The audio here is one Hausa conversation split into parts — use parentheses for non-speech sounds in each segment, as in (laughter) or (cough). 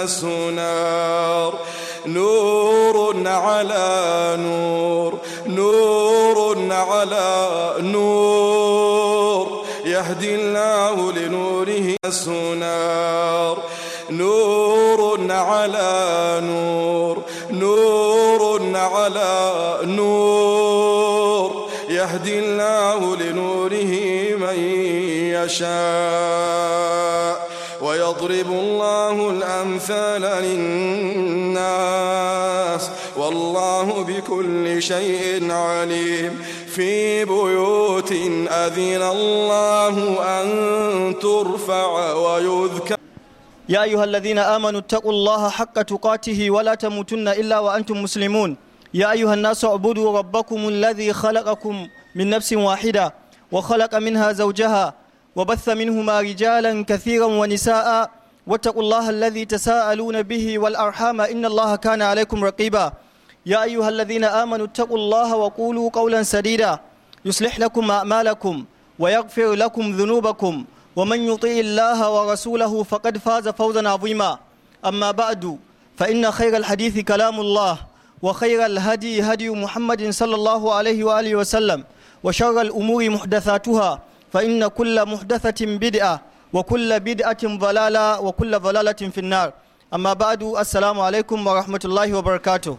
الناس نار نور على نور نور على نور يهدي الله لنوره الناس نار نور على نور نور على نور يهدي الله لنوره من يشاء يضرب الله الأمثال للناس والله بكل شيء عليم في بيوت أذن الله أن ترفع ويذكر يا أيها الذين آمنوا اتقوا الله حق تقاته ولا تموتن إلا وأنتم مسلمون يا أيها الناس اعبدوا ربكم الذي خلقكم من نفس واحدة وخلق منها زوجها وبث منهما رجالا كثيرا ونساء واتقوا الله الذي تساءلون به والأرحام إن الله كان عليكم رقيبا يا أيها الذين آمنوا اتقوا الله وقولوا قولا سديدا يصلح لكم أعمالكم ويغفر لكم ذنوبكم ومن يطيع الله ورسوله فقد فاز فوزا عظيما أما بعد فإن خير الحديث كلام الله وخير الهدي هدي محمد صلى الله عليه وآله وسلم وشر الأمور محدثاتها فإن كل محدثة بدعة وكل بدعة ضلالة وكل ba'adu في النار أما بعد السلام عليكم ورحمة الله وبركاته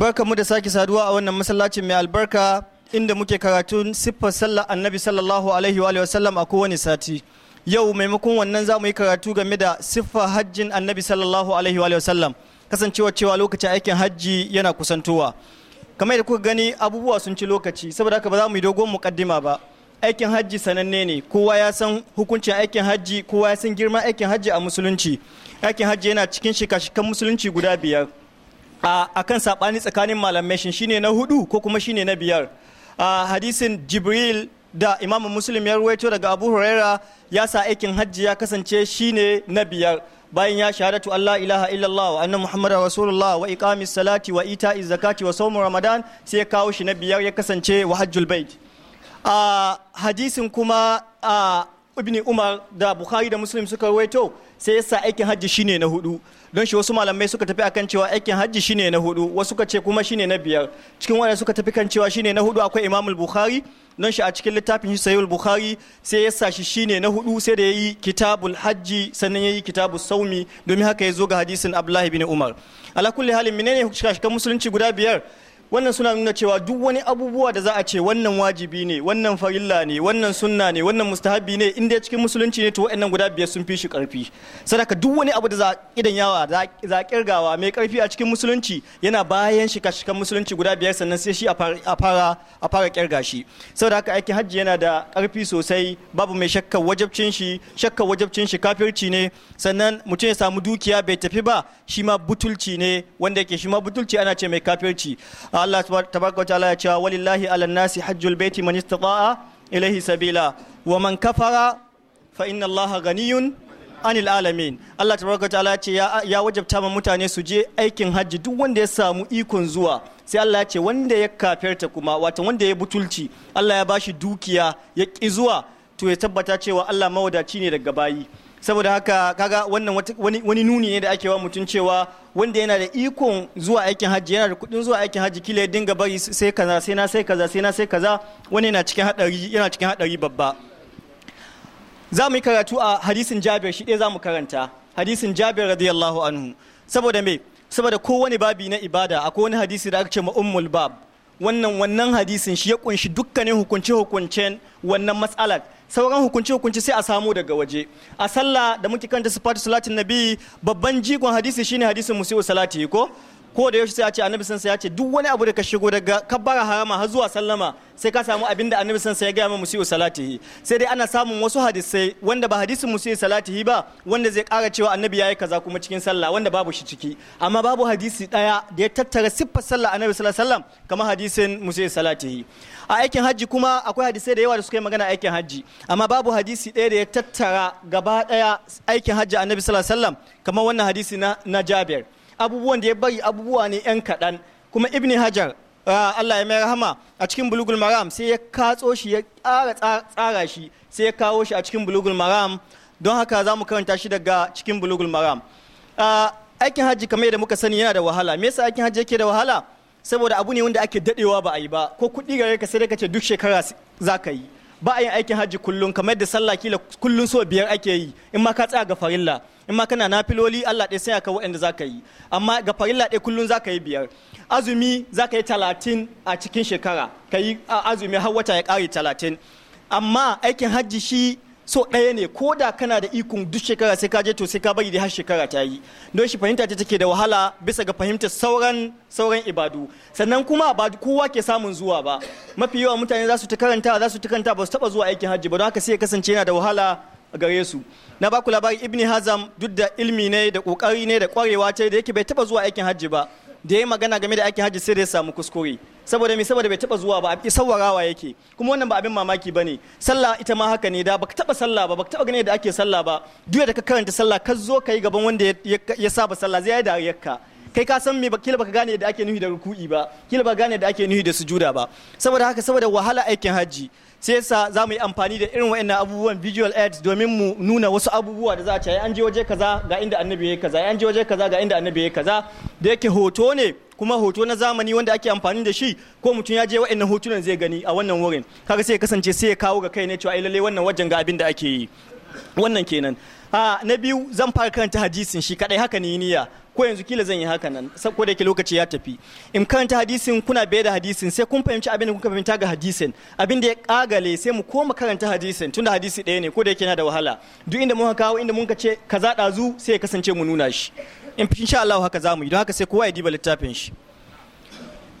بركة saduwa سادوا أولا masallacin من البركة inda muke karatun siffar sallar annabi sallallahu alaihi wa sallam a kowane sati yau maimakon wannan za mu yi karatu game da siffar hajjin annabi sallallahu alaihi wa sallam kasancewa cewa lokacin aikin hajji yana kusantowa kamar da kuka gani abubuwa sun ci lokaci saboda haka ba za mu yi dogon mukaddima ba aikin hajji sananne ne kowa ya san hukuncin aikin hajji kowa ya san girman aikin hajji a musulunci aikin hajji yana cikin shika-shikan musulunci guda biyar a kan saɓani tsakanin malamai shi shine na hudu ko kuma shine na biyar a hadisin jibril da imam muslim ya ruwaito daga abu huraira ya sa aikin hajji ya kasance shine na biyar bayan ya shahadatu Allah ilaha illallah wa anna muhammadar rasulullah wa iqamis salati wa ita'iz zakati wa saumu ramadan sai ya kawo shi na biyar ya kasance wa hajjul bait a hadisin kuma a Ibn umar da bukhari da muslim suka waito sai yasa aikin hajji shine na hudu don shi wasu malamai suka tafi akan cewa aikin hajji shine na hudu wasu suka ce kuma shine na biyar cikin wanda suka tafi kan cewa shine na hudu akwai imamul bukhari don shi a cikin littafin shi sayyul bukhari sai yasa shi shine na hudu sai da yayi kitabul hajji sannan yayi kitabus saumi domin haka ya zo ga hadisin abdullahi bin umar ala kulli halin menene shikashikan musulunci guda biyar wannan suna nuna cewa duk wani abubuwa da za a ce wannan wajibi ne wannan farilla ne wannan sunna ne wannan mustahabi ne inda cikin musulunci ne to wa'annan guda biyar sun fi shi karfi sadaka duk wani abu da za idan yawa za kirgawa mai karfi a cikin musulunci yana bayan shi kashikan musulunci guda biyar sannan sai shi a fara a fara kirga shi saboda haka aikin hajji yana da karfi sosai babu mai shakkar wajabcin shi shakkar wajabcin shi kafirci ne sannan mutum ya samu dukiya bai tafi ba shi ma butulci ne wanda yake shi ma butulci ana ce mai kafirci Allah tabaraka ta'ala ya cewa walillahi ala nasi hajjul baiti man istata'a ilaihi sabila wa man kafara fa inna Allah ganiyun anil alamin Allah tabaraka ya ce ya wajabta ma mutane su je aikin hajji duk wanda ya samu ikon zuwa sai Allah ya ce wanda ya kafirta kuma wato wanda ya butulci Allah ya bashi dukiya ya ki zuwa to ya tabbata cewa Allah mawadaci ne daga bayi saboda haka kaga wannan wani, wani nuni ne da ake wa mutum cewa wanda yana da ikon zuwa aikin hajji yana da kudin zuwa aikin hajji kila ya dinga bari sai kaza sai na sai kaza sai na sai kaza wani yana cikin hadari yana cikin hadari babba za mu yi karatu a hadisin Jabir shi ɗaya za mu karanta hadisin Jabir radiyallahu anhu saboda me saboda kowane babi na ibada akwai wani hadisi da aka ce ma ummul bab wannan wannan hadisin shi ya kunshi dukkanin hukunce hukuncen wannan matsalar sauran hukunci hukunci sai a samu daga waje a sallah da muke kanta sifatu salatin nabi babban jigon hadisi shine hadisin musiu salati ko ko da yaushe sai a ce annabi sansa ya ce duk wani abu da ka shigo daga kabbara harama har zuwa sallama sai ka samu abin da annabi sansa ya gaya ma musu salatihi sai dai ana samun wasu hadisai wanda ba hadisin musu salatihi ba wanda zai kara cewa annabi yayi kaza kuma cikin sallah wanda babu shi ciki amma babu hadisi daya da ya tattara siffar sallah annabi sallallahu alaihi wasallam kamar hadisin musu salatihi a aikin hajji kuma akwai hadisai da yawa da suka yi magana aikin hajji amma babu hadisi ɗaya da ya tattara gaba ɗaya aikin hajji annabi sallallahu alaihi wasallam kamar wannan hadisi na, na Jabir abubuwan da ya bari abubuwa ne yan kaɗan kuma ibn hajar ah, Allah ya mai rahama a cikin bulugul maram sai ya katso shi ya ƙara tsara shi sai ya kawo shi a cikin bulugul maram don haka za mu karanta shi daga cikin bulugul maram ah, aikin hajji kamar yadda muka sani yana da wahala me yasa aikin hajji yake da wahala saboda abu ne wanda ake dadewa ba a yi ba ko kuɗi gare ka sai da ka ce duk shekara za ka yi ba a yin aikin hajji kullum kamar da sallah kila kullum so biyar ake yi in ma ka tsaya ga farilla in ma kana na filoli Allah ɗaya sai ka wanda za ka yi amma ga farilla ɗaya kullum za ka yi biyar azumi za ka yi talatin a cikin shekara ka yi azumi har wata ya ƙare talatin amma aikin hajji shi so ɗaya ne ko da kana da ikon duk shekara sai ka je to sai ka bari dai har shekara ta yi don shi fahimta ta take da wahala bisa ga fahimtar sauran sauran ibadu sannan kuma ba kowa ke samun zuwa ba mafi yawa mutane za su ta karanta za su ta karanta ba su taba zuwa aikin hajji ba don haka sai ya kasance yana da wahala gare su na baku labari ibni hazam duk da ilmi ne da kokari ne da kwarewa ce da yake bai taba zuwa aikin hajji ba da ya magana game da aikin hajji sai da ya samu kuskure saboda me saboda bai taba zuwa ba a sawarawa yake kuma wannan ba abin mamaki bane sallah ita ma haka ne da baka taba sallah ba baka taba gane da ake sallah ba duk da ka karanta sallah ka zo kai gaban wanda ya saba sallah zai yi dariyarka kai ka san me kila baka gane da ake nuhi da ruku'i ba kila baka gane da ake nuhi da sujuda ba saboda haka saboda wahala aikin hajji sai yasa za mu yi amfani da irin wa'annan abubuwan visual aids domin mu nuna wasu abubuwa da za a ce an je waje kaza ga inda annabi ya kaza an je waje kaza ga inda annabi ya kaza da yake hoto ne kuma hoto na zamani wanda ake amfani da shi ko mutum ya je wa'annan hotunan zai gani a wannan wurin kaga sai ya kasance sai ya kawo ga kai ne cewa ai lalle wannan wajen ga abin da ake yi wannan kenan ah, na biyu zan fara karanta hadisin shi kadai haka ne niyya ko yanzu kila zan yi haka nan ko da yake lokaci ya tafi in karanta hadisin kuna bai da hadisin sai kun fahimci abin da kuka fahimta ga hadisin abin da ya kagale sai mu koma karanta hadisin tunda hadisi ɗaya ne ko da yake yana da wahala duk inda muka kawo inda muka ce ka zaɗa zu sai ya kasance mu nuna shi in insha Allah haka zamu yi don haka sai kowa ya diba littafin shi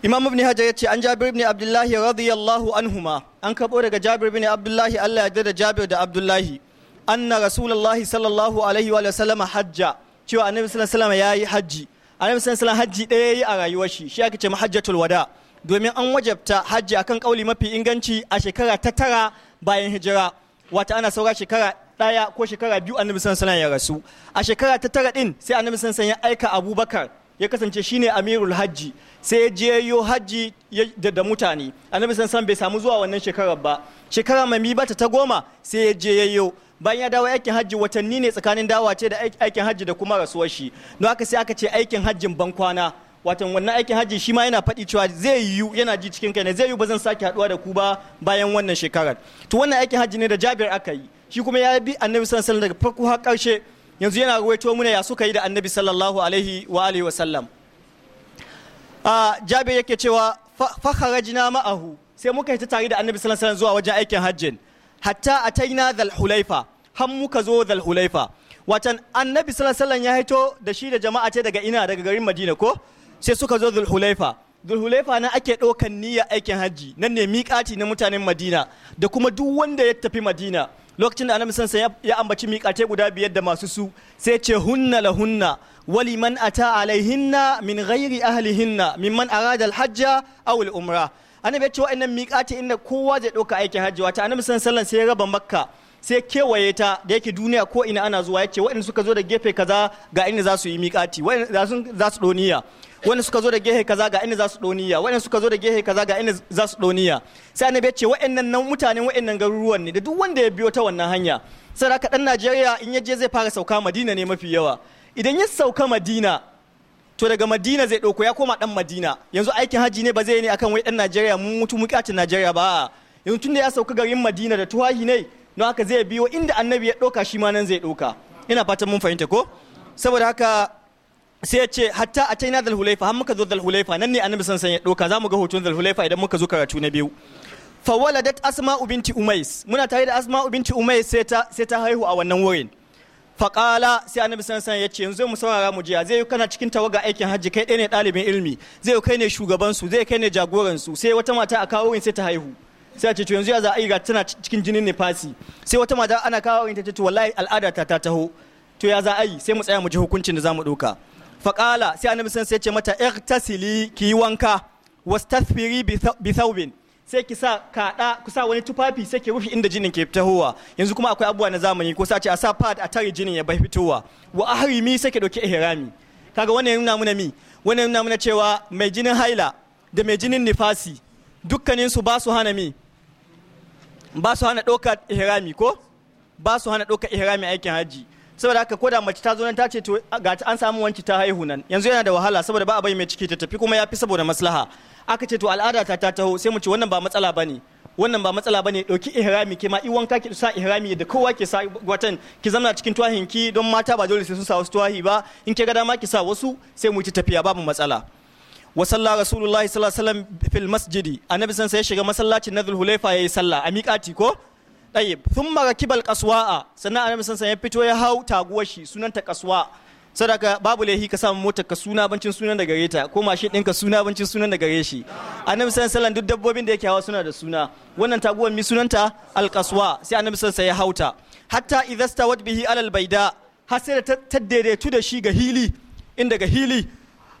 Imam Ibn Hajar ya ce an Jabir ibn Abdullahi radiyallahu anhuma an kabo daga Jabir ibn Abdullahi Allah ya da Jabir da Abdullahi anna Rasulullahi sallallahu alaihi wa sallam hajja cewa annabi sallallahu alaihi ya yi hajji annabi sallallahu alaihi hajji ɗaya yi a rayuwar shi shi aka ce mahajjatul wada domin an wajabta hajji akan kauli mafi inganci a shekara ta tara bayan hijira wata ana saura shekara ɗaya ko shekara biyu annabi sallallahu ya rasu a shekara ta tara din sai annabi sallallahu ya aika abubakar ya kasance shine amirul hajji sai ya je yo hajji da mutane annabi sallallahu bai samu zuwa wannan shekarar ba shekara mai mi bata ta goma sai ya je yayyo bayan ya dawo aikin hajji watanni ne tsakanin dawa ce da aikin hajji da kuma rasuwar shi don haka sai aka ce aikin hajjin ban kwana watan wannan aikin hajji shi ma yana faɗi cewa zai yiwu yana ji cikin kai ne zai yiwu ba zan sake haɗuwa da ku ba bayan wannan shekarar to wannan aikin hajji ne da Jabir aka yi shi kuma ya bi Annabi sallallahu alaihi daga farko har ƙarshe yanzu yana ruwaito muna ya suka yi da Annabi sallallahu alaihi wa alihi wa sallam a Jabir yake cewa fa kharajna ma'ahu sai muka yi ta tare da Annabi sallallahu alaihi zuwa wajen aikin hajjin hatta ataina dhal hulaifa har muka zo zalhulaifa hulaifa watan annabi sallallahu ya haito da shi da jama'a ce daga ina daga garin madina ko sai suka zo zalhulaifa hulaifa na ake ɗaukan niyya aikin hajji nan ne miƙati na mutanen madina da kuma duk wanda ya tafi madina lokacin da annabi sansa ya ambaci miƙate guda biyar da masu su sai ce hunna la hunna wali man ata alaihinna min ghairi ahlihinna mimman arada alhajja aw umra annabi ya ce wa'annan miƙati inda kowa zai ɗauka aikin hajji wata annabi sallan sai ya raba makka sai kewaye ta da yake duniya ko ina ana zuwa ya ce waɗanda suka zo da gefe kaza ga inda za su yi miƙati waɗanda za su ɗoniya wanda suka zo da gehe kaza ga inda za su doniya wanda suka zo da gehe kaza ga inda za su doniya sai annabi ya ce wa'annan nan mutanen wa'annan garuruwan ne da duk wanda ya biyo ta wannan hanya sai haka dan Najeriya in ya je zai fara sauka Madina ne mafi yawa idan ya sauka Madina to daga madina zai ɗauko ya koma ɗan madina yanzu aikin haji ne ba zai ne akan wai ɗan najeriya mun mutu muƙacin najeriya ba yanzu tun da ya sauka garin madina da tuwahi ne na haka zai biyo inda annabi ya ɗauka shi ma nan zai ɗauka ina fatan mun fahimta ko saboda haka sai ya ce hatta a taina dal hulaifa har muka zo dal hulaifa nan ne annabi sansan ya ɗauka za mu ga hoton dal hulaifa idan muka zo karatu na biyu dat asma'u binti umais muna tare da asma'u binti umais sai ta haihu a wannan wurin faƙala sai annabi sallallahu ya ce yanzu mu saurara mu jiya zai yi kana cikin tawaga aikin hajji kai ɗaya ne ɗalibin ilmi zai kai ne shugaban su zai kai ne jagoran su sai wata mata a kawo sai ta haihu sai a ce yanzu ya za a yi ga tana cikin jinin ne fasi sai wata mata ana kawo ta ce to wallahi al'ada ta ta taho to ya za a yi sai mu tsaya mu ji hukuncin da za mu ɗauka faƙala sai annabi sallallahu ya ce mata irtasili ki yi wanka wastathfiri bi thawbin sai ki sa kaɗa ku sa wani tufafi sai ki rufe inda jinin ke fitowa yanzu kuma akwai abubuwa na zamani ko sa ce a sa pad a tare jinin ya bai fitowa wa ahrimi sai ki dauki ihrami kaga wannan ya nuna mi wannan ya nuna cewa mai jinin haila da mai jinin nifasi dukkanin su ba su hana mi ba su hana ihrami ko ba su hana ihrami aikin hajji saboda haka koda mace ta zo nan ta ce to ga an samu wanki ta haihu nan yanzu yana da wahala saboda ba a bai mai ciki ta tafi kuma ya fi saboda maslaha aka ce to al'ada ta ta taho sai mu ce wannan ba matsala bane wannan ba matsala bane dauki ihrami ke ma iwanka ki sa ihrami da kowa ke sa watan ki zama cikin tuwahin ki don mata ba dole sai sun sa wasu tuwahi ba in ki ga ma ki sa wasu sai mu ci tafiya babu matsala wa salla rasulullahi sallallahu alaihi wasallam fil masjidi annabi san sai shiga masallacin nadhul hulaifa yayi sallah a miƙati ko tayyib thumma rakibal qaswa'a sannan annabi san sai ya fito ya hau taguwar shi sunanta qaswa'a sadaka babu laihi ka samu mota ka suna bancin sunan da gare ta ko mashin ɗinka suna bancin sunan da gare shi annabi sallallahu duk dabbobin da yake hawa suna da suna wannan taguwar mi sunanta alqaswa sai annabi sallallahu ya hauta hatta idastawat bihi alal baida har sai da ta daidaitu da shi ga hili in daga hili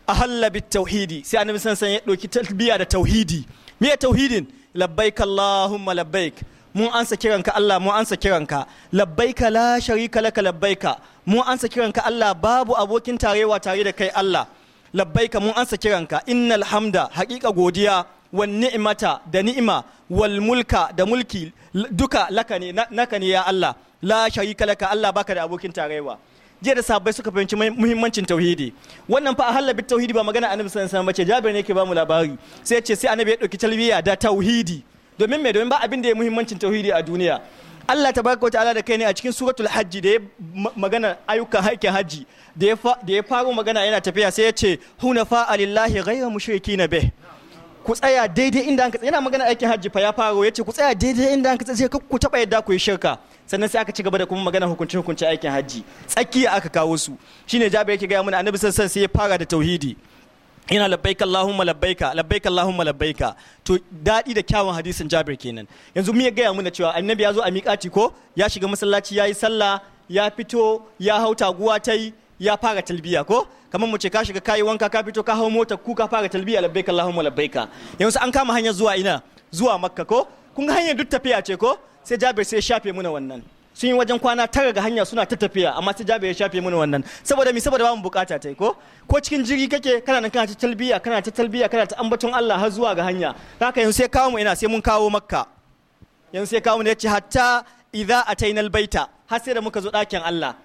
a halla bit tauhidi sai annabi sallallahu ya ɗauki talbiya da tauhidi me tauhidin labbaik allahumma labbaik mun ansa kiranka Allah mun ansa kiranka labbaika la sharika laka labbaika mun ansa kiranka Allah babu abokin tarewa tare da kai Allah labbaika mun ansa kiranka innal hamda haqiqa godiya wan ni'mata da ni'ima wal mulka da mulki duka laka ne naka ne ya Allah la sharika laka Allah baka da abokin tarewa jiya da sabai suka fahimci muhimmancin tauhidi wannan fa a halabi tauhidi ba magana annabi sallallahu alaihi wasallam bace jabir ne yake ba mu labari sai ya ce sai annabi ya dauki talbiya da tauhidi domin mai domin ba abin da ya muhimmancin tauhidi a duniya Allah ta baka wata da kai ne a cikin suratul hajji da ya magana ayyukan haikin hajji da ya faro magana yana tafiya sai ya ce hunafa alillahi ghayra mushrikina bih ku tsaya daidai inda an tsaya yana magana aikin hajji fa ya faro yace ku tsaya daidai inda an tsaya ku taba yadda ku yi shirka sannan sai aka ci gaba da kuma magana hukunci hukunci aikin hajji tsakiya aka kawo su shine jabe yake ga mana annabi sallallahu alaihi wasallam sai ya fara da tauhidi yana labbaika Allahumma labbaika labbaika Allahumma labbaika to dadi da kyawun hadisin Jabir kenan yanzu mu ya gaya muna cewa annabi ya zo a miƙati ko ya shiga masallaci yayi sallah ya fito ya hau taguwa ta ya fara talbiya ko kamar mu ce ka shiga kayan wanka ka fito ka hau motar ku ka fara talbiya labbaika Allahumma labbaika yanzu an kama hanyar zuwa ina zuwa makka ko kun ga hanyar duk tafiya ce ko sai Jabir sai ya shafe muna wannan sun yi wajen kwana tara ga hanya suna ta tafiya amma sai jabe ya shafe mini wannan saboda mi saboda bamu bukata tai ko ko cikin jiri kake kana nan kana ta talbiya kana ta talbiya kana ta ambaton Allah har zuwa ga hanya haka yanzu sai kawo mu ina sai mun kawo makka yanzu sai kawo mu yace hatta idza ataina albaita har sai da muka zo dakin Allah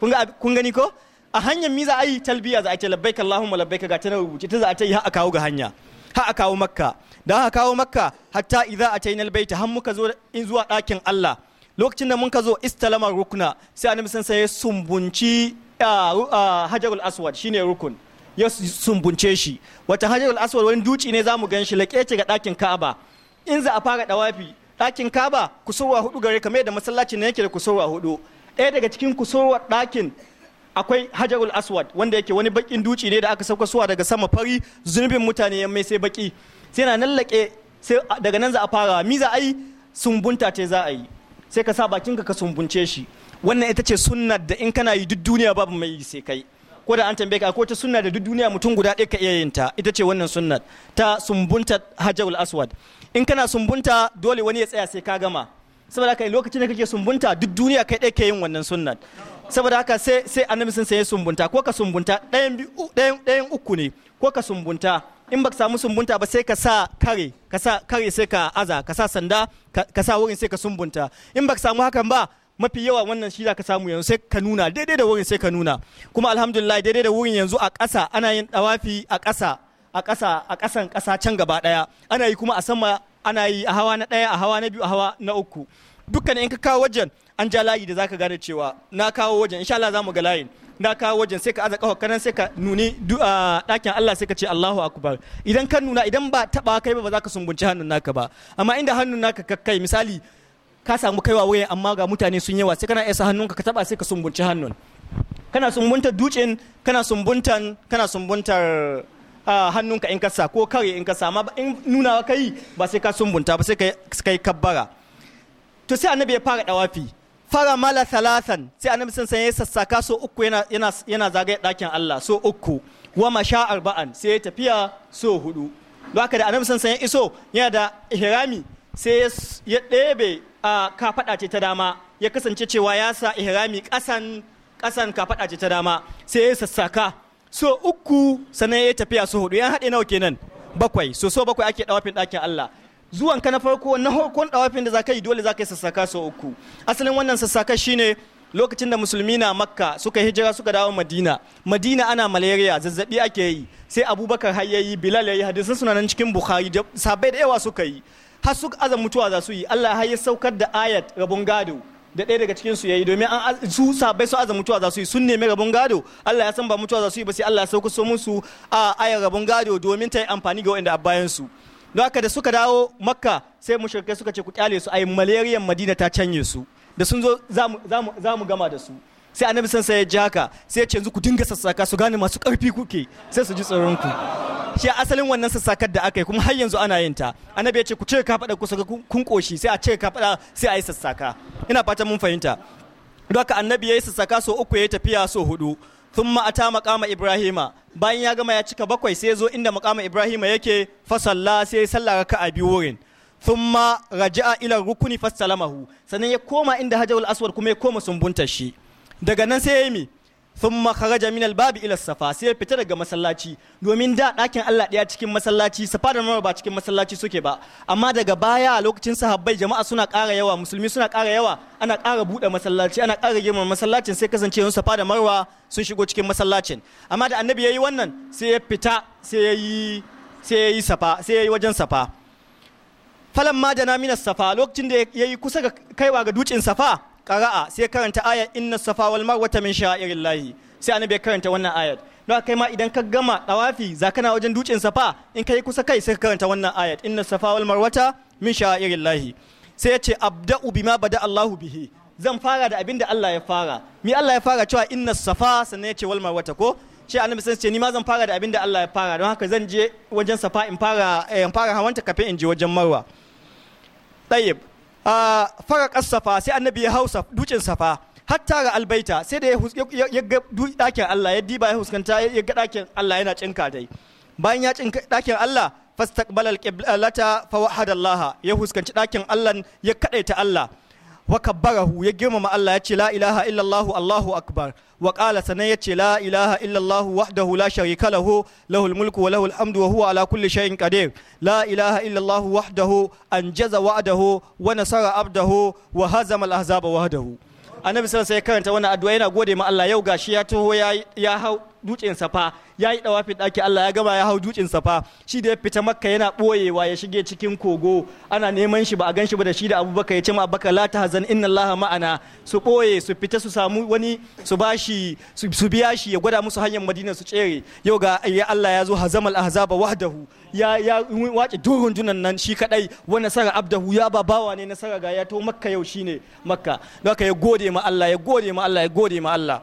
kun ga kun gani ko a hanyar mi za a yi talbiya za a ce labbaik Allahumma labbaik ga ta rubuce ta za a ta yi a kawo ga hanya ha a kawo makka dan ha kawo makka hatta idza ataina albaita har muka zo in zuwa dakin Allah lokacin da mun ka zo istalama rukuna sai annabi sun sai sumbunci hajarul aswad shine rukun ya sumbunce shi wata hajarul aswad wani duci ne zamu gan shi laƙece ga ɗakin ka'aba in za a fara dawafi ɗakin ka'aba kusurwa hudu gare kamar da masallacin ne yake da kusurwa hudu ɗaya daga cikin kusurwar ɗakin akwai hajarul aswad wanda yake wani bakin duci ne da aka sauka suwa daga sama fari zunubin mutane ya mai sai baki sai na nan sai daga nan za a fara mi za a yi sumbunta ce za a yi sai ka sa bakinka ka sumbunce shi wannan ita ce sunnar da in kana yi duk duniya babu mai yi sai kai ko da an tambaye ka akwai ta sunna da duk duniya mutum guda ɗaya ka iya yin ta ita ce wannan sunnar ta sumbunta hajjawul aswad in kana sumbunta dole wani ya tsaya sai ka gama saboda haka lokacin da kake sumbunta duk duniya kai ɗaya ke yin wannan sunnar saboda haka sai sai annabi sun sai sumbunta ko ka sumbunta ɗayan uku ne ko ka sumbunta in ba ka samu sumbunta ba sai ka sa kare ka sa kare sai ka aza ka sa sanda ka sa wurin sai ka sumbunta in ba ka samu hakan ba mafi yawa wannan shi za ka samu yanzu sai ka nuna daidai da wurin sai ka nuna kuma alhamdulillah daidai da wurin yanzu a ƙasa ana yin dawafi a ƙasa a ƙasa a ƙasan ƙasa can gaba ɗaya ana yi kuma a sama ana yi a hawa na ɗaya a hawa na biyu a hawa na uku dukkan in ka kawo wajen an ja layi da zaka gane cewa na kawo wajen insha Allah za mu ga layin na ka wajen sai ka aza kafa kanan sai ka nuni ɗakin Allah sai ka ce Allahu akbar idan ka nuna idan ba taba kai ba ba za ka sumbunci hannun naka ba amma inda hannun naka ka kai misali ka samu kaiwa waye amma ga mutane sun yawa sai kana isa hannunka ka taba sai ka sumbunci hannun kana sumbuntar dutsen kana sumbuntar kana sumbuntar hannunka in ka sa ko kare in ka sa amma in nuna kai ba sai ka sumbunta ba sai kai kabbara to sai annabi ya fara dawafi fara mala thalathan sai annabi sun san ya sassaka so uku yana yana yana zagaye dakin Allah so uku wa masha arba'an sai ya tafiya so hudu don haka da annabi sun san ya iso yana da ihrami sai ya ɗebe a kafada ce ta dama ya kasance cewa ya sa ihrami kasan kasan kafada ce ta dama sai ya sassaka so uku sannan ya tafiya so hudu ya haɗe nawa kenan bakwai so so bakwai ake dawafin ɗakin Allah zuwan ka na farko na hukun dawafin da zaka yi dole zaka yi sassaka sau uku asalin wannan sassaka shine lokacin da musulmi na makka suka hijira suka dawo madina madina ana malaria zazzabi ake yi sai abubakar har yayi bilal yayi hadisan suna nan cikin bukhari sabai da yawa suka yi har suka azan mutuwa za su yi allah har ya saukar da ayat rabun gado da ɗaya daga cikin su yayi domin an su sabai su azan mutuwa za su yi sun nemi rabun gado Allah ya san ba mutuwa za su yi ba sai Allah ya sauka so musu a ayar rabun gado domin ta yi amfani ga waɗanda a bayan su don haka da suka dawo makka sai mushrikai suka ce ku kyale su yi malaria madina ta canye su da sun zo za mu gama da su sai annabi sai ya ji haka sai ya ce yanzu ku dinga sassaka su gane masu karfi kuke sai su ji tsoron ku shi asalin wannan sassakar da aka yi kuma har yanzu ana yin ta annabi ya ce ku ce ka faɗa ku kun koshi sai a ce ka faɗa sai a yi sassaka ina fatan mun fahimta don haka annabi ya yi sassaka so uku ya yi tafiya so hudu thumma ta maqama ibrahima bayan ya gama ya cika bakwai sai zo inda maqama ibrahima yake fasalla sai raka a biyu wurin thumma raja'a ila rukuni fasalamahu sannan ya koma inda hajarul aswad kuma ya koma sumbuntar shi daga nan sai ya yi mi sun makaraja minal babu ila safa sai fita daga masallaci domin da ɗakin Allah ɗaya cikin masallaci safa da marwa ba cikin masallaci suke ba amma daga baya lokacin sahabbai jama'a suna ƙara yawa musulmi suna ƙara yawa ana ƙara buɗe masallaci ana ƙara girma masallacin sai kasance yanzu safa da marwa sun shigo cikin masallacin amma da annabi ya yi wannan sai ya fita sai ya yi safa sai ya yi wajen safa falan ma da na safa lokacin da ya yi kusa ga kaiwa ga dutsen safa qara'a sai karanta ayat inna safa wal marwata min lahi sai annabi ya karanta wannan ayat don kai ma idan ka gama tawafi za kana wajen dutsen safa in kai kusa kai sai ka karanta wannan ayat inna safa wal marwata min lahi. sai ya ce abda'u bima bada Allahu bihi zan fara da abin da Allah ya fara mi Allah ya fara cewa inna safa sannan ya ce wal marwa ko sai annabi sun ce ni ma zan fara da abin da Allah ya fara don haka zan je wajen safa in fara eh, in fara hawanta kafin in je wajen marwa tayyib Ah, fara ƙasafa sai annabi ya hausa dukin safa hatta ga albaita sai da ya ga Allah ya diba ya huskanta ya ga dakin Allah yana cinka dai bayan ya cinka dakin Allah fastaqbala alqiblata fa wahada ya huskanci dakin Allah ya kadaita Allah wa kabbarahu ya girmama Allah ya ce la ilaha illallah Allahu akbar wa qala sanan ya ce la ilaha illallah wahdahu la sharika lahu lahul mulku wa lahul hamdu wa huwa ala kulli shay'in qadir la ilaha illallah wahdahu anjaza wa'dahu wa nasara abdahu wa hazama al-ahzaba wahdahu annabi sallallahu alaihi wasallam karanta wannan addu'a yana gode ma Allah yau gashi ya taho ya hau dutsen safa ya yi dawafi daki Allah ya gama ya hau dutsen safa shi da ya fita makka yana boyewa ya shige cikin kogo ana neman shi ba a ganshi ba da shi da abubakar ya ce ma abubakar la ta hazan inna allaha ma'ana su boye su fita su samu wani su bashi su biya shi ya gwada musu hanyar madina su tsere yau ga ya Allah ya zo hazamal ahzaba wahdahu ya ya wace durun dunan nan shi kadai wa nasara abdahu ya ba bawa ne nasara ga ya to makka yau shine makka don haka ya gode ma Allah ya gode ma Allah ya gode ma Allah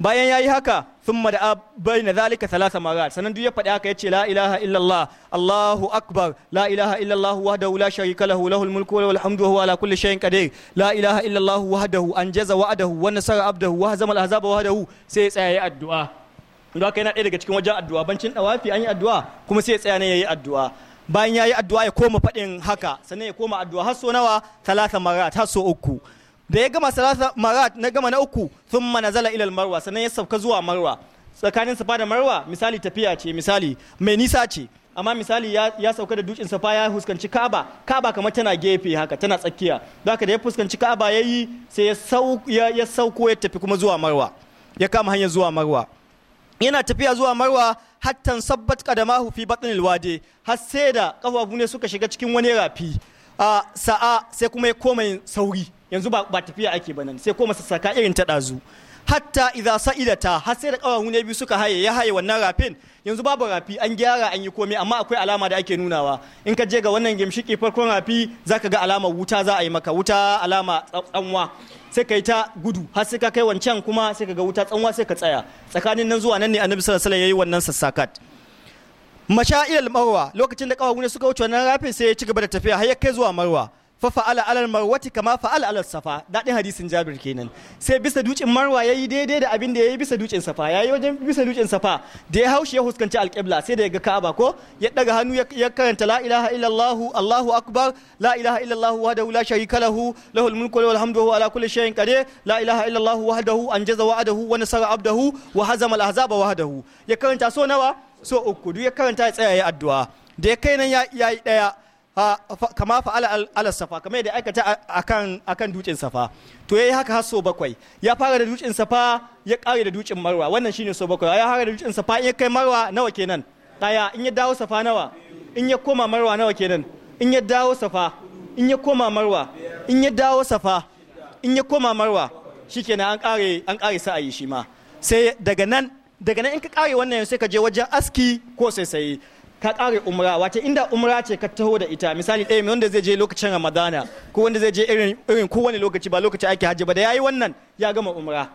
bayan ya yi haka sun da bayna zalika thalatha marat sanan duk ya faɗi haka ya ce la ilaha illallah Allahu akbar la ilaha illallah wahdahu la sharika lahu lahul mulku wa lahul hamdu wa huwa ala kulli shay'in qadir la ilaha illallah wahdahu anjaza wa'dahu wa nasara abdahu wa hazama al-ahzaba wahdahu sai ya tsaya yayi addu'a don haka yana ɗaya daga cikin wajen addu'a bancin dawafi an yi addu'a kuma sai ya tsaya ne yi addu'a bayan ya yi addu'a ya koma faɗin haka sannan ya koma addu'a har so nawa talata marat har so uku da ya gama salasa marat na gama na uku mana zala ilal marwa sannan ya sauka zuwa marwa tsakanin safa da marwa misali tafiya ce misali mai nisa ce amma misali ya, sauka da dukin safa ya fuskanci kaba kaba kamar tana gefe haka tana tsakiya zaka haka da ya fuskanci kaba ya yi sai ya sauko ya tafi kuma zuwa marwa ya kama hanyar zuwa marwa yana tafiya zuwa marwa hattan sabbat kadamahu fi batnil wade har sai da kafafu ne suka shiga cikin wani rafi a sa'a sai kuma ya koma yin sauri yanzu ba tafiya ake ba nan sai ko masassaka irin ta ɗazu hatta idza sa'idata har sai da kawahu hune biyu suka haye ya haye wannan rafin yanzu babu rafi an gyara an yi komai amma akwai alama da ake nunawa in ka je ga wannan gimshiki farkon rafi zaka ga alama wuta za a yi maka wuta alama tsanwa sai ka yi ta gudu har sai ka kai wancan kuma sai ka ga wuta tsanwa sai ka tsaya tsakanin nan zuwa nan ne annabi sallallahu alaihi wasallam yayi wannan sassakat masha'il marwa lokacin da kawahu hune suka wuce wannan rafin sai ya ci gaba da tafiya har ya kai zuwa marwa fa fa'ala alal marwati kama fa'ala alal safa dadin hadisin jabir kenan sai bisa dukin marwa yayi daidai da abin da yayi bisa dukin safa yayi wajen bisa dukin safa da ya haushi ya huskanci alqibla sai da ya ga ka'aba ko ya daga hannu ya karanta la ilaha illallah allahu akbar la ilaha illallah wahdahu la sharika lahu lahul mulku wal hamdu wa ala kulli shay'in qadir la ilaha illallah wahdahu anjaza wa'dahu wa nasara abdahu wa hazama al ahzaba wahdahu ya karanta so nawa so uku duk ya karanta ya tsaya ya addu'a da ya kai nan ya yi daya kama fa'ala ala safa kamar yadda aikata akan akan dutsen safa to yayi haka har so bakwai ya fara da dutsen safa ya kare da dutsen marwa wannan shine so bakwai ya fara da dutsen safa in ya kai marwa nawa kenan daya in ya dawo safa nawa in ya koma marwa nawa kenan in ya dawo safa in ya koma marwa in ya dawo safa in ya koma marwa shikenan an kare an kare sa'ayi shi ma sai daga nan daga nan in ka kare wannan sai ka je wajen aski ko sai sai ka ƙare umra wato inda umra ce ka taho da ita misali ɗaya eh, mai wanda zai je lokacin ramadana ko wanda zai je irin kowane lokaci ba lokacin aikin hajji ba da ya yi wannan ya gama umra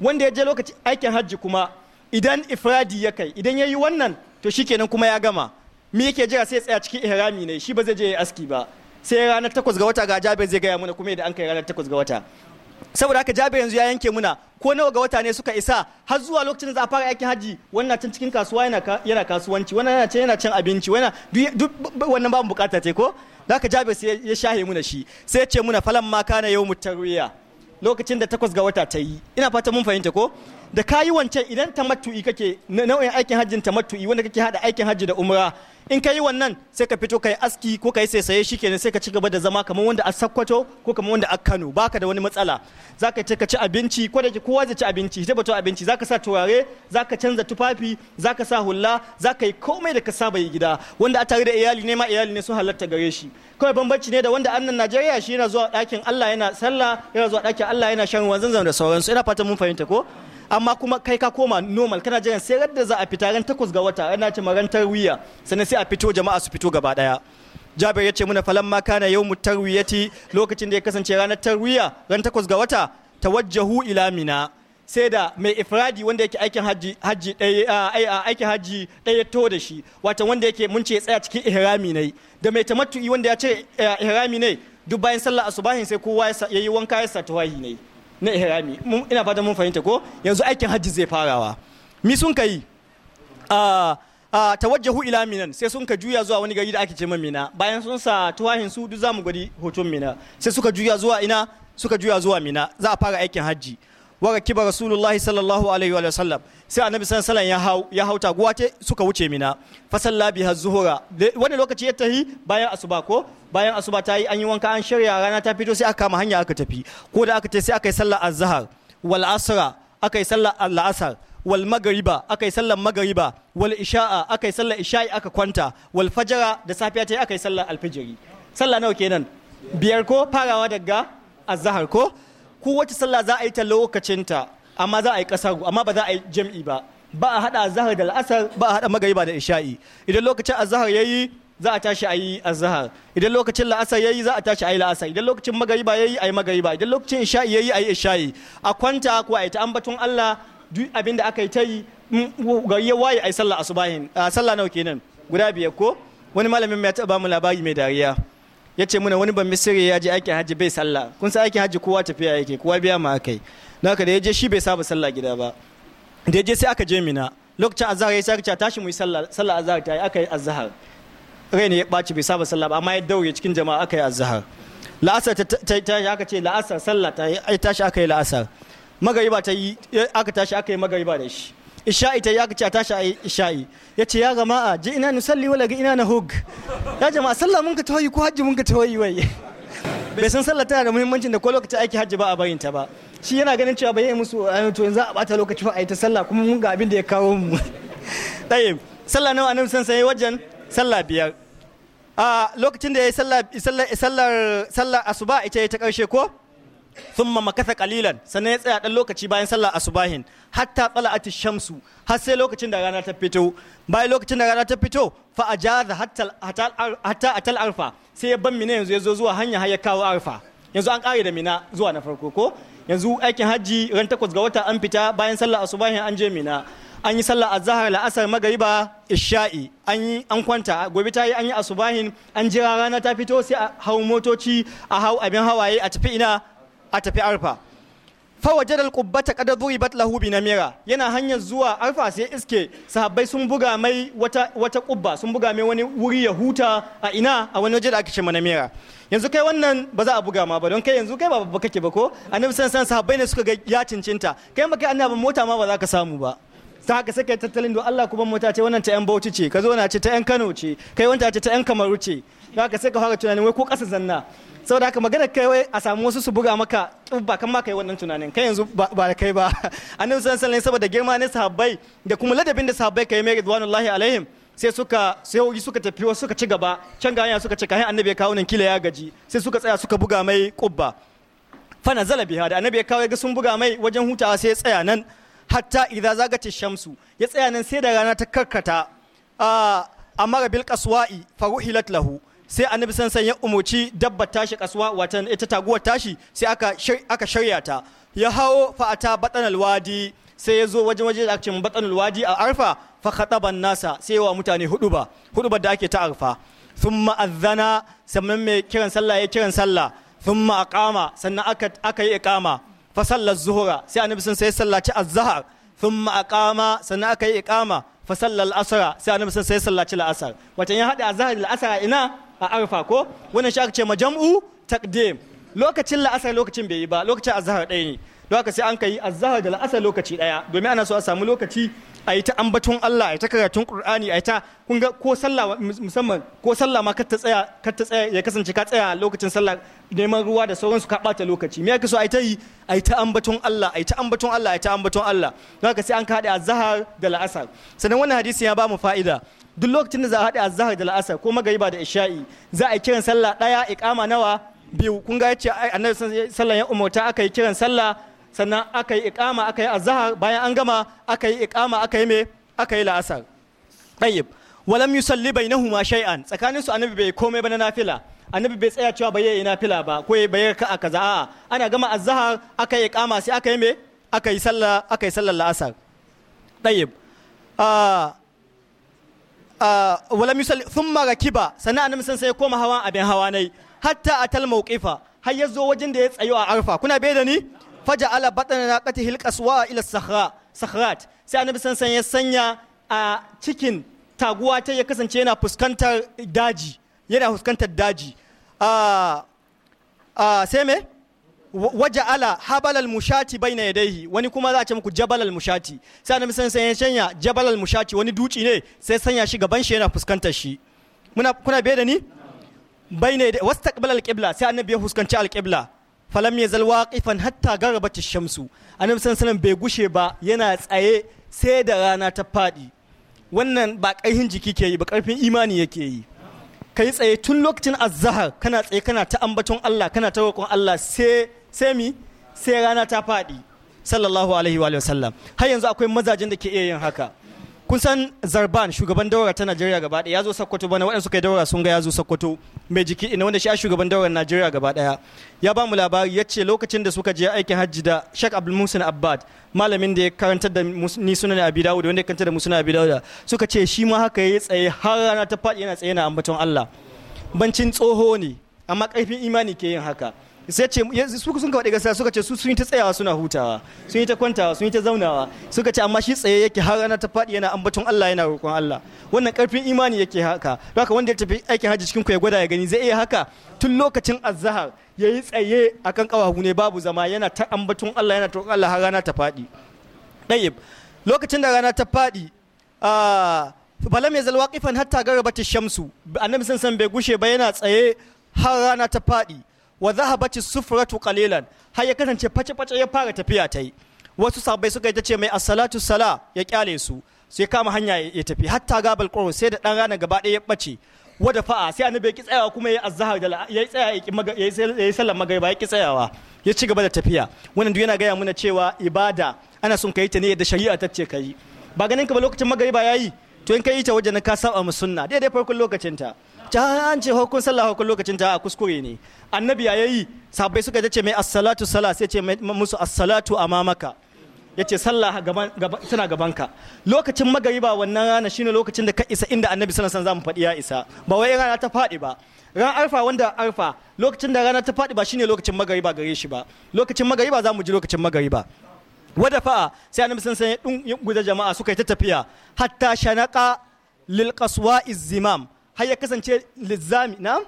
wanda ya je lokacin aikin hajji kuma idan ifradi ya kai idan ya yi wannan to shikenan kuma ya gama me yake jira sai tsaya cikin ihrami ne shi ba zai je ya aski ba sai ranar takwas ga wata ga Jabir zai gaya mana kuma idan an kai ranar takwas ga wata saboda haka Jabir yanzu ya yanke muna ko nawa ga wata ne suka isa har zuwa lokacin da za a fara aikin haji wannan can cikin kasuwa yana kasuwanci wannan yana can yana cin abinci wannan duk wannan babu bukata ce ko jabe sai ya shahe muna shi sai ya ce muna falan ma kana yau mutarwiya lokacin da takwas ga wata ta yi ina fata mun fahimta ko da ka yi wancan idan tamattu'i kake nau'in aikin hajjin tamattu'i wanda kake hada aikin hajji da umra in ka yi wannan sai ka fito ka yi aski ko ka yi saisaye shi kenan sai ka ci gaba da zama kamar wanda a sakkwato ko kamar wanda a kano baka da wani matsala za ka ka ci abinci ko da kowa zai ci abinci ita bato abinci za ka sa turare za ka canza tufafi za ka sa hula za ka yi komai da ka saba yi gida wanda a tare da iyali ne ma iyali ne sun halarta gare shi kawai bambanci ne da wanda annan najeriya shi yana zuwa ɗakin allah yana sallah yana zuwa ɗakin allah yana shan ruwan zanzan da sauransu ina fatan mun fahimta ko amma kuma kai ka koma normal kana jiran sai yadda za a fita ran takwas ga wata ana ce marantar wiya sannan sai a fito jama'a su fito gaba daya Jabir ya ce muna falan ma kana yau tarwiyati lokacin da ya kasance ranar tarwiya ran takwas ga wata tawajjahu ila mina sai da mai ifradi wanda yake aikin haji haji ɗaya aikin haji ɗaya to da shi wato wanda yake mun ce tsaya cikin ihrami ne da mai tamattu'i wanda ya ce eh, ihrami ne duk bayan sallah asubahin sai kowa ya yi wanka ya sa tawahi ne na ihrami ina fata mun fahimta ko yanzu aikin hajji zai farawa mi sun kai a a tawajjahu ila minan sai sun ka juya zuwa wani gari da ake ce mina bayan sun sa tuwahin su duk zamu gwadi hoton mina sai suka juya zuwa ina suka juya zuwa mina za a fara aikin hajji wa kiba rasulullahi sallallahu alaihi wa sallam sai annabi sallallahu alaihi ya hau ya hauta taguwa ce suka wuce mina fa salla biha zuhura wani lokaci ya tahi bayan asuba ko bayan asuba ta yi an yi wanka an shirya rana ta fito sai aka kama hanya aka tafi ko da aka tafi sai aka yi sallar azhar wal asra aka yi sallar al-asr wal magariba aka yi sallar magariba wal isha'a aka yi sallar isha'i aka kwanta wal fajara da safiya ta yi aka yi sallar alfijiri sallah nawa kenan biyar ko farawa daga azhar ko kowace sallah za a yi ta lokacinta amma za a yi ƙasar amma ba za a yi jam'i ba ba a haɗa azahar da al'asar ba a haɗa magariba da isha'i idan lokacin azahar ya yi za a tashi a yi azahar idan lokacin la'asar ya yi za a tashi a yi la'asar idan lokacin magariba ya yi a yi magariba idan lokacin isha'i ya yi a yi isha'i a kwanta ko a yi ta ambaton Allah duk abin da aka yi ta yi gari ya waye a yi sallah asubahin sallah nawa kenan guda biyar ko wani malamin ta taɓa mu labari mai dariya ya ce muna wani ban misiri ya je aikin hajji bai sallah kun sa aikin hajji kowa tafiya yake kowa biya ma akai na haka da ya je shi bai saba sallah gida ba da ya je sai aka je mina lokacin azhar ya sai aka tashi mu yi sallah sallah azhar ta yi aka yi azhar rai ne ya ɓaci bai saba sallah ba amma ya daure cikin jama'a aka yi azhar la'asar ta tashi aka ce la'asar sallah ta yi tashi aka yi la'asar magariba ta yi aka tashi aka yi magariba da shi isha'i ta ya ce tashi a isha'i ya ce ya a, ji ina nusalli wala ga ina na hug ya jama'a sallah mun ka tawayi ko hajji mun ka tawayi wai (laughs) bai san sallah tana da muhimmancin da ko lokacin aiki hajji ba a bayin ta ba shi yana ganin cewa bai musu to yanzu a bata lokaci fa a yi ta sallah kuma mun ga abin da ya kawo mu ɗaya (laughs) sallah nawa annabi san sai wajen sallah biyar a lokacin da ya yi sallar asuba ita ya ta karshe ko thumma makatha kalilan sannan ya tsaya dan lokaci bayan sallar asubahin hatta tsala'ati shamsu har sai lokacin da rana ta fito bayan lokacin da rana ta fito fa ajaza hatta hatta atal arfa sai ya ban mina yanzu ya zo zuwa hanya har ya kawo arfa yanzu an kare da mina zuwa na farko ko yanzu aikin hajji ran takwas ga wata an fita bayan sallar asubahin an je mina an yi sallar la la'asar magariba isha'i an yi an kwanta gobe ta yi an yi asubahin an jira rana ta fito sai a hau motoci a hau abin hawaye a tafi ina a tafi arfa fawajar alƙubbata kada zuribat lahu bi namira yana hanyar zuwa arfa sai iske sahabbai sun buga mai wata wata ƙubba sun buga mai wani wuri ya huta a ina a wani waje da ake na namira yanzu kai wannan ba za a buga ma ba don kai yanzu kai ba babba kake ba ko annabi san san sahabbai ne suka ga ya cincinta kai ba kai annabi mota ma ba za ka samu ba ta haka sai kai tattalin do Allah kuma mota ce wannan ta yan Bauchi ce ka zo na ce ta yan Kano ce kai ta ce ta yan Kamaru ce haka sai ka fara tunanin wai ko ƙasa zanna saboda haka magana kai wai a samu wasu su buga maka ba kan ma kai wannan tunanin kai yanzu ba da kai ba (laughs) annabi sallallahu alaihi saboda girma ne sahabbai da kuma ladabin da sahabbai kai mai ridwanullahi alaihim sai suka sai suka tafi wasu suka ci gaba can ga hanya suka ce kai annabi ya kawo nan kila ya gaji sai suka tsaya suka buga mai kubba fana zala biha da annabi ya kawo ga sun buga mai wajen hutawa sai ya tsaya nan hatta idza zagati shamsu ya tsaya nan sai da rana ta karkata a ah, amma rabil qaswa'i fa ruhilat lahu sai annabi sansan ya umarci dabba tashi kasuwa watan ita taguwar tashi sai aka shirya ta ya hawo fa'ata batsanal wadi sai ya zo wajen waje da cikin ce batsanal wadi a arfa fa khataban nasa sai wa mutane hudu ba da ake ta arfa thumma azana sannan mai kiran sallah ya kiran sallah thumma aqama sannan aka aka yi iqama fa sallar zuhura sai annabi sun sai sallaci azhar thumma aqama sannan aka yi iqama fa sallar asra sai annabi sun sai sallaci la'asar watan ya hada azhar al la'asar ina a arfa ko wannan shi aka ce majam'u taqdim lokacin la'asar lokacin bai yi ba lokacin azhar ɗaya ne don haka sai an kai azhar da la'asar lokaci ɗaya domin ana so a samu lokaci a yi ta ambaton Allah a yi ta karatun Qur'ani a yi ta kun ga ko sallah musamman ko sallah ma kar ta tsaya kar ta tsaya ya kasance ka tsaya lokacin sallah neman ruwa da sauransu ka bata lokaci me yake so a yi ta yi a yi ta ambaton Allah a yi ta ambaton Allah a yi ta ambaton Allah don haka sai an kaɗe azhar da la'asar sannan wannan hadisi ya ba mu fa'ida duk lokacin da za a haɗe zahar da la'asar ko magariba da isha'i za a yi kiran sallah ɗaya iƙama nawa biyu kun ga yace annabi sallan ya umarta aka yi kiran sallah sannan aka yi iƙama aka yi azhar bayan an gama aka yi iƙama aka yi me aka yi la'asar tayyib walam yusalli bainahuma shay'an tsakanin su annabi bai komai ba na nafila annabi bai tsaya cewa bai yi nafila ba ko bai ka ka'a kaza a'a ana gama azhar aka yi iƙama sai aka yi me aka yi sallah aka yi sallar la'asar tayyib ah Uh, wala misal thumma rakiba sannan annabi san sai koma hawan abin hawa nai hatta atal mawqifa har ya zo wajen da ya tsayo a arfa kuna bai da ni faja ala batana na qati hilkaswa ila sahra sahrat sai annabi san san ya sanya a uh, cikin taguwa ta ya kasance yana fuskantar daji yana fuskantar daji uh, sai me waja'ala habalal mushati bayna yadayhi wani kuma za a ce muku jabalal mushati sai annabi san sai shanya jabalal mushati wani duci ne sai sanya shi gaban shi yana fuskantar shi muna kuna bai da ni bayna yadayhi wastaqbala alqibla sai annabi ya fuskanci alqibla falam yazal waqifan hatta garabat ash-shamsu annabi san sanan bai gushe ba yana tsaye sai da rana ta fadi wannan ba ƙarfin jiki ke yi ba ƙarfin imani yake yi ka tsaye tun lokacin azahar kana tsaye kana ta ambaton Allah kana ta roƙon Allah sai sai mi sai rana ta faɗi sallallahu alaihi wa sallam har yanzu akwai mazajen da ke iya yin haka kun san zarban shugaban daura ta najeriya gaba daya ya zo sokoto bana waɗanda suka yi daura sun ga ya zo sokoto mai jiki ina wanda shi a shugaban daura najeriya gaba ɗaya ya ba mu labari ya ce lokacin da suka je aikin hajji da shak abdulmusin abbad malamin da ya karantar da ni sunan abi dawud wanda ya karantar da mu abi dawud suka ce shi ma haka ya tsaye har rana ta faɗi yana tsaye na ambaton allah bancin tsoho ne amma ƙarfin imani ke yin haka sai ce su sun kawo gaskiya suka ce su sun yi ta tsayawa suna hutawa sun yi ta kwantawa sun yi ta zaunawa suka ce amma shi tsaye yake har rana ta faɗi yana ambaton Allah yana roƙon Allah wannan karfin imani yake haka don haka wanda ya tafi aikin hajji cikin ku ya gwada ya gani zai iya haka tun lokacin azhar ya yi tsaye akan ƙawahu ne babu zama yana ta ambaton Allah yana ta roƙon Allah har rana ta faɗi ɗayib lokacin da rana ta faɗi falam ya zalwa kifan hatta garabata shamsu annabi sun san bai gushe ba yana tsaye har rana ta faɗi wa zahabat sufratu kalilan har ya kasance face face ya fara tafiya ta yi wasu sahabbai suka ta ce mai asalatu sala ya kyale su ya kama hanya ya tafi hatta gabal qur'an sai da dan ranar gaba ɗaya ya bace wada fa'a sai annabi ya ki tsayawa kuma ya azhar da ya tsaya ya yi sallar magariba ya ki tsayawa ya ci gaba da tafiya wannan duk yana gaya mana cewa ibada ana son kai ta ne da shari'a ta ce kai ba ganin ka ba lokacin magariba yayi to in kai ta wajen ka saba musunna sunna daidai farkon lokacin ta an ce hukun sallah hukun lokacin ta a kuskure ne annabi ya yi sabai suka ce mai assalatu sala sai ce musu a mamaka Ya ce sallah gaban tana gabanka lokacin magariba wannan rana shine lokacin da ka isa inda annabi sallallahu alaihi wasallam faɗi ya isa ba wai rana ta faɗi ba ran arfa wanda arfa lokacin da rana ta faɗi ba shine lokacin magariba gare shi ba lokacin magariba za mu ji lokacin magariba wada fa'a sai annabi sallallahu alaihi ya guda jama'a suka yi ta tafiya hatta shanaka lil qaswa izimam har ya kasance lizami na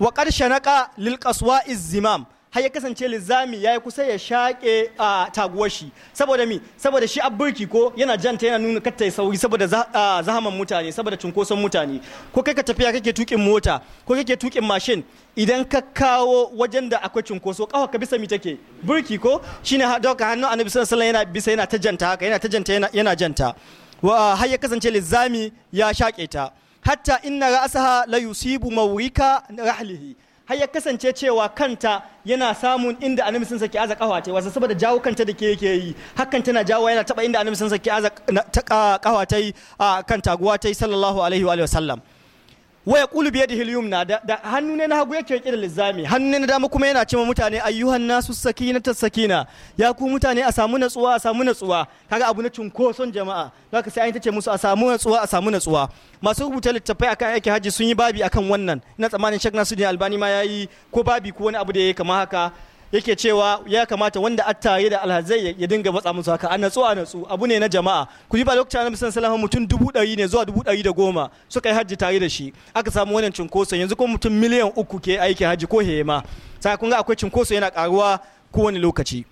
wa ƙarshe ka lilƙaswa izimam har ya kasance lizami ya yi kusa ya shaƙe a taguwar shi saboda mi saboda shi a burki ko yana janta yana nuna katta ya sauri saboda zahaman mutane saboda cunkoson mutane ko kai ka tafiya kake tukin mota ko kake tukin mashin idan ka kawo wajen da akwai cunkoso kawo ka bisa mi take burki ko shine doka hannu a sallallahu alaihi yana bisa yana ta janta haka yana ta janta yana janta wa har ya kasance lizami ya shaƙe ta hatta inna ra'asaha la yusibu mawrika rahlihi har ya kasance cewa kanta yana samun inda annabi sun saki aza kawa wasa saboda jawo kanta da ke yake yi hakan tana jawo yana taba inda annabi sun saki aza ta kawa ta kanta guwa ta sallallahu alaihi wa sallam waya Kulu bi da al da hannu ne na hagu yake rike da lizami hannu ne na dama kuma yana cewa mutane ayyuhan nasu Saki sakina ya ku mutane a samu natsuwa a samu natsuwa kaga abu na cunkoson jama'a haka sai an tace musu a samu natsuwa a samu natsuwa masu rubuta littattafai akan aiki haji sun yi babi akan wannan ina tsammanin Sheikh Nasiruddin Albani ma yayi ko babi ko wani abu da yayi kama haka yake cewa ya kamata wanda attaye da alhazai ya dinga batsa musu haka a natsu a natsu abu ne na jama'a ku yi ba lokacin annabi sallallahu mutum dubu ɗari ne zuwa dubu ɗari da goma suka yi hajji tare da shi aka samu wannan cinkoso yanzu kuma mutum miliyan uku ke aiki hajji ko hema sai kun ga akwai cinkoso yana karuwa kowane lokaci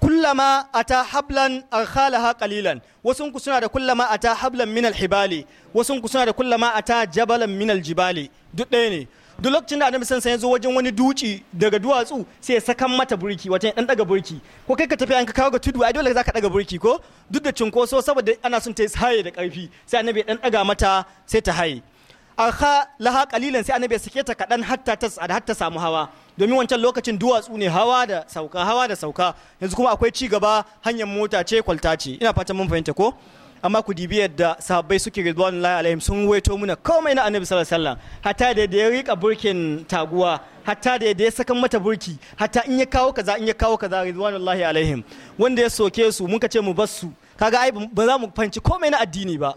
kullama ata hablan arkhalaha qalilan wasun ku suna da kullama ata hablan min hibali wasun ku suna da kullama ata jabalan min jibali duk ɗaya ne duk lokacin da annabi sansan ya zo wajen wani duci daga duwatsu sai ya sakan mata burki wata dan daga burki ko kai ka tafi an ka kawo ga tudu ai dole za ka daga burki ko duk da cinkoso saboda ana son ta yi haye da karfi sai annabi dan daga mata sai ta haye akha laha qalilan sai annabi ya sake ta kadan hatta ta hatta samu hawa domin wancan lokacin duwatsu ne hawa da sauka hawa da sauka yanzu kuma akwai ci gaba hanyar mota ce kwalta ce ina fatan mun fahimta ko amma ku dibi yadda sahabbai suke ridwanullahi alaihim sun waito muna komai na annabi sallallahu alaihi wasallam hatta da ya rika burkin taguwa hatta da ya saka mata burki hatta in ya kawo kaza in ya kawo kaza ridwanullahi alaihim wanda ya soke su mun ka ce mu bar su kaga ai ba za mu fanci komai na addini ba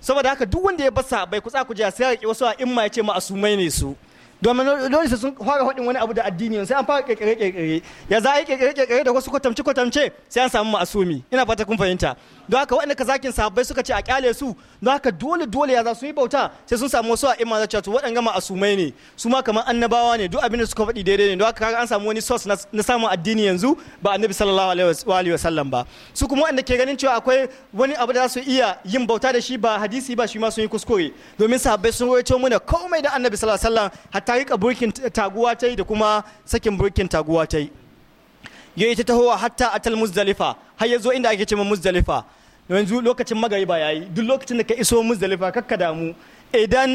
saboda haka duk wanda ya bar sahabbai ku tsaka ku ji sai ya wasu a imma ya ce ma asumai ne su domin dole sai sun fara hudin wani abu da addini sai an fara kirkire kirkire ya za a yi kirkire kirkire da wasu kwatamce kwatamce sai an samu ma'asumi ina fata kun fahimta don haka waɗanda kazakin sahabbai suka ce a kyale su don haka dole dole ya za su yi bauta sai sun samu wasu a imma za to waɗanga ma'asumai ne su ma kamar annabawa ne duk abin da suka faɗi daidai ne don haka an samu wani source na samun addini yanzu ba annabi sallallahu alaihi wasallam ba su kuma waɗanda ke ganin cewa akwai wani abu da za su iya yin bauta da shi ba hadisi ba shi ma sun yi kuskure domin sahabbai sun mu mana komai da annabi sallallahu alaihi sallam tarika burkin taguwa ta yi da kuma sakin burkin taguwa ta yi ya yi ta tahowa hatta a tal muzdalifa har ya zo inda ake cewa muzdalifa yanzu lokacin magariba ya yi duk lokacin da ka iso muzdalifa kakka damu idan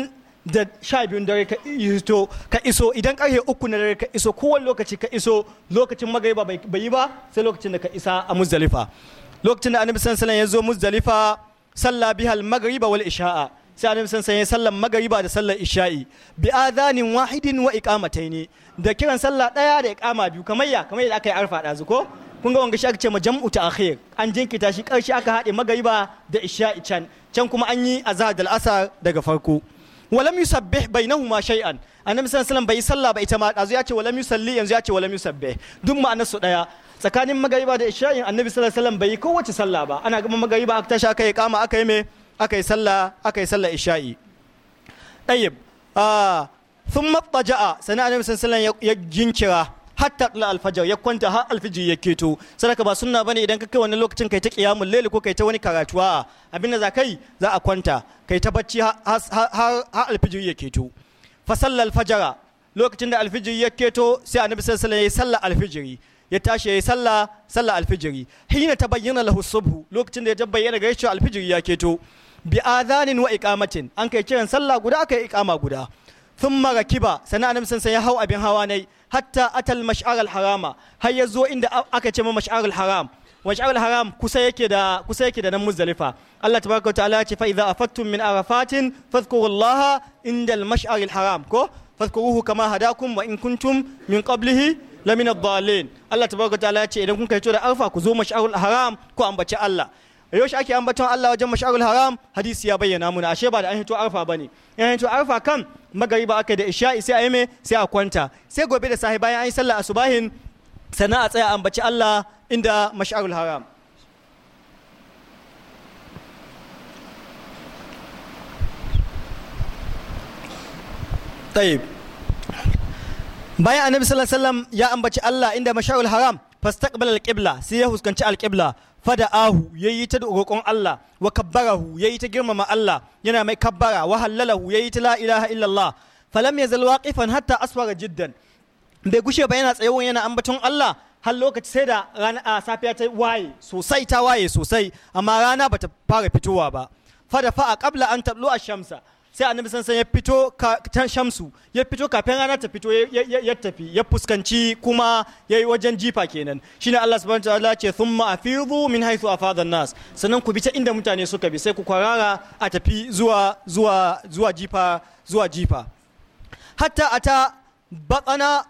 da sha biyun dare ka iso ka iso idan karfe uku na dare ka iso kowane lokaci ka iso lokacin magariba bai yi ba sai lokacin da ka isa a muzdalifa lokacin da annabi sallallahu alaihi ya zo muzdalifa sallah bihal magariba wal isha'a sai annabi sun sanya sallar magariba da sallar isha'i bi adhanin wahidin wa iqamataini da kiran sallah daya da iqama biyu kamar ya kamar yadda aka yi arfa dazu ko kun ga wanga shi aka ce ma jam'u ta'khir an jinkita shi karshe aka haɗe magariba da isha'i can can kuma an yi azhar da al'asar daga farko walam yusabbih bainahuma shay'an annabi sallallahu alaihi bai sallah ba ita ma dazu ya ce walam yusalli yanzu ya ce walam yusabbih duk ma'anar su daya tsakanin magariba da isha'i annabi sallallahu alaihi wasallam bai kowace sallah ba ana gama magariba aka tashi aka yi kama aka yi me aka yi sallah aka yi sallah isha'i ɗayyib sun ah, ja'a sani annabi sallallahu ya jinkira hatta tla alfajar ya kwanta har alfiji ya keto sadaka ba sunna bane idan ka kai wani lokacin kai ta qiyamul lele ko kai ta wani karatuwa a abin da za kai za a kwanta kai ta bacci har alfiji ya keto fa sallar alfajara lokacin da alfijiri ya keto sai annabi sallallahu alaihi wasallam ya salla alfijiri ya tashi ya salla salla alfijiri hina tabayyana lahu subhu lokacin da ya bayyana gare shi alfijiri ya keto bi adhanin wa iqamatin an kai kiran sallah guda aka yi iqama guda mara kiba sana annabi sun ya hau abin hawa nai hatta atal mash'ar al harama har ya zo inda aka ce mash'ar al haram mash'ar al haram kusa yake da kusa yake da nan muzdalifa Allah tabaraka ta'ala ya ce fa idza afattum min arafatin fadhkurullaha inda al mash'ar al haram ko fadhkuruhu kama hadakum wa in kuntum min qablihi lamina dhalin Allah tabaraka ta'ala ya ce idan kun kai to da arfa ku zo mash'ar al haram ku ambaci Allah yaushe ake ambaton Allah wajen mash'arul haram hadisi ya bayyana muna ashe ba da an hito arfa bane in hito arfa kan magariba aka da isha'i sai a yi me sai a kwanta sai gobe da sahi bayan an yi sallah asubahin sannan a tsaya ambaci Allah inda mash'arul haram طيب bayan annabi sallallahu alaihi wasallam ya ambaci Allah inda mash'arul haram fastaqbala al-qibla sai ya huskanci al-qibla ya yayi ta roƙon Allah wa kabbarahu yi ta girmama Allah yana mai kabbara wa hallalahu yi ta la ilaha illallah falam yazal waqifan hatta aswara jiddan bai gushe ba yana tsaye yana ambaton Allah har lokaci sai da rana a safiya ta waye sosai ta waye sosai amma rana bata fara fitowa ba fada fa'a qabla an tablu ash-shamsa sai annabi sansan ya fito shamsu ya fito kafin rana ta fito ya tafi ya fuskanci kuma ya yi wajen jifa kenan shi ne Allah subhanahu wa ce thumma afidhu min haythu afadha nas sannan ku bi ta inda mutane suka bi sai ku kwarara a tafi zuwa zuwa zuwa jifa zuwa jifa hatta ata batana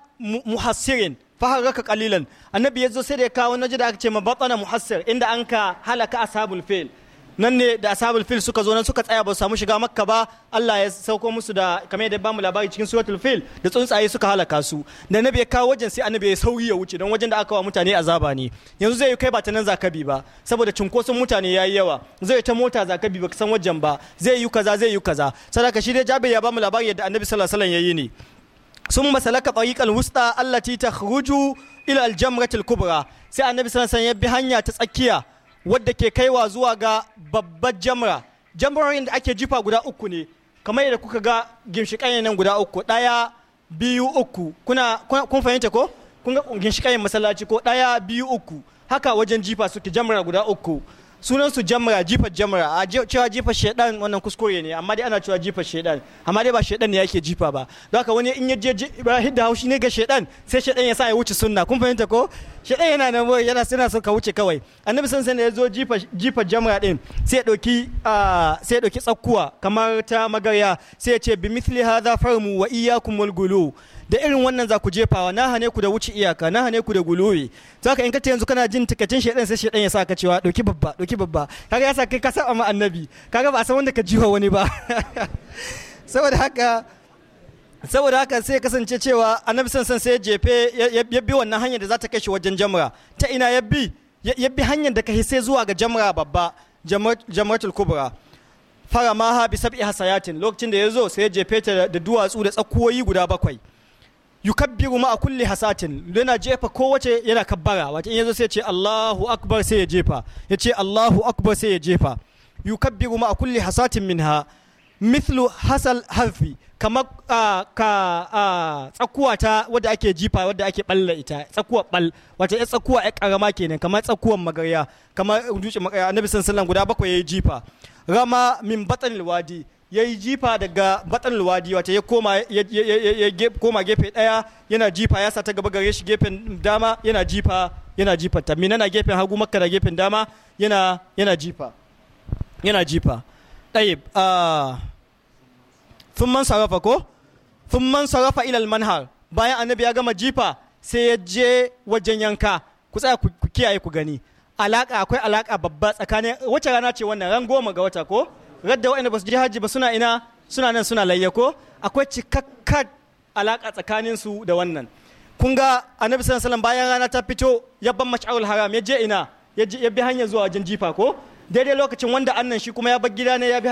muhassirin faharaka kalilan annabi ya zo sai da ya kawo naji da aka ce ma batsana muhassir inda an ka halaka ashabul fil nan ne da asabul fil suka zo nan suka tsaya ba samu shiga makka ba Allah ya sauko musu da kamar yadda bamu labari cikin suratul fil da tsuntsaye suka halaka su da nabi ya kawo wajen sai annabi ya sauyi ya wuce don wajen da aka wa mutane azaba ne yanzu zai kai ba ta nan zakabi ba saboda cunkoson mutane yayi yawa zai ta mota zakabi ba san wajen ba zai yi kaza zai yi kaza sadaka shi dai jabir ya bamu labari yadda annabi sallallahu alaihi wasallam yayi ne sun masalaka tsariƙar wusta allati takhruju ila aljamratul kubra sai annabi sallallahu alaihi wasallam ya bi hanya ta tsakiya wadda ke kaiwa zuwa ga babbar jamra jamrorin da ake jifa guda uku ne kamar yadda kuka ga ginshiƙayen nan guda uku ɗaya biyu uku kuna kun fahimta ko kun ga ginshiƙayen masallaci ko ɗaya biyu uku haka wajen jifa suke jamra guda uku sunan su jamra jifa jamra a cewa jifa shedan wannan kuskure ne amma dai ana cewa jifa shedan amma dai ba shedan ne yake jifa ba don haka wani in ya je ibrahim da haushi ne ga shedan sai shedan ya sa ya wuce sunna kun fahimta ko shedan yana nan yana yana son ka wuce kawai annabi san sai ya zo jifa jifa jamra din sai ya dauki sai ya tsakkuwa kamar ta magarya sai ya ce bi mithli hadha farmu wa iyyakum wal gulu da irin wannan za ku jefawa na hane ku da wuce iyaka na hane ku da guluwi za ka in ka yanzu kana jin tikacin shaidan sai shaidan ya sa ka cewa ɗauki babba ɗauki babba kaga ya sa kai ka saba ma annabi kaga ba a san wanda ka jiwa wani ba (laughs) saboda haka saboda haka sai kasance cewa annabi san san sai ya jefe ya bi wannan hanyar da za ta kai shi wajen jamra ta ina ya bi ya bi hanyar da yi sai zuwa ga jamra babba jamratul kubra faramaha bi sab'i hasayatin lokacin da ya zo sai ya jefe ta da duwatsu da tsakuwoyi guda bakwai yukabbiru ma a kulli hasatin yana jefa kowace yana kabbara wato in yazo sai ya ce Allahu akbar sai ya jefa ya ce Allahu akbar sai ya jefa yukabbiru ma a kulli hasatin minha mithlu hasal harfi kamar ka tsakuwa ta wadda ake jifa wadda ake balla ita tsakuwa bal wata ya tsakuwa ya karama kenan kamar tsakuwan magarya kamar dutse magarya annabi sallallahu guda bakwai yayi jifa rama min batanil wadi ya yi jifa daga batan luwadi wata ya koma ya koma gefe daya yana jifa ya sa ta gaba gare shi gefen dama yana jifa yana jifa ta mina na gefen hagu makka na gefen dama yana yana jifa yana jifa a sun man sarrafa ko sun man sarrafa ilal manhar bayan annabi ya gama jifa sai ya je wajen yanka ku tsaya ku kiyaye ku gani alaka akwai alaka babba tsakanin wace rana ce wannan ran goma ga wata ko radda waɗanda ba su je hajji ba suna ina suna nan suna layyako akwai cikakkar alaƙa tsakanin su da wannan kun ga annabi sallallahu alaihi bayan rana ta fito ya ban mash'aul haram ya je ina ya bi hanya zuwa wajen jifa ko daidai lokacin wanda annan shi kuma ya bar gida ne ya bi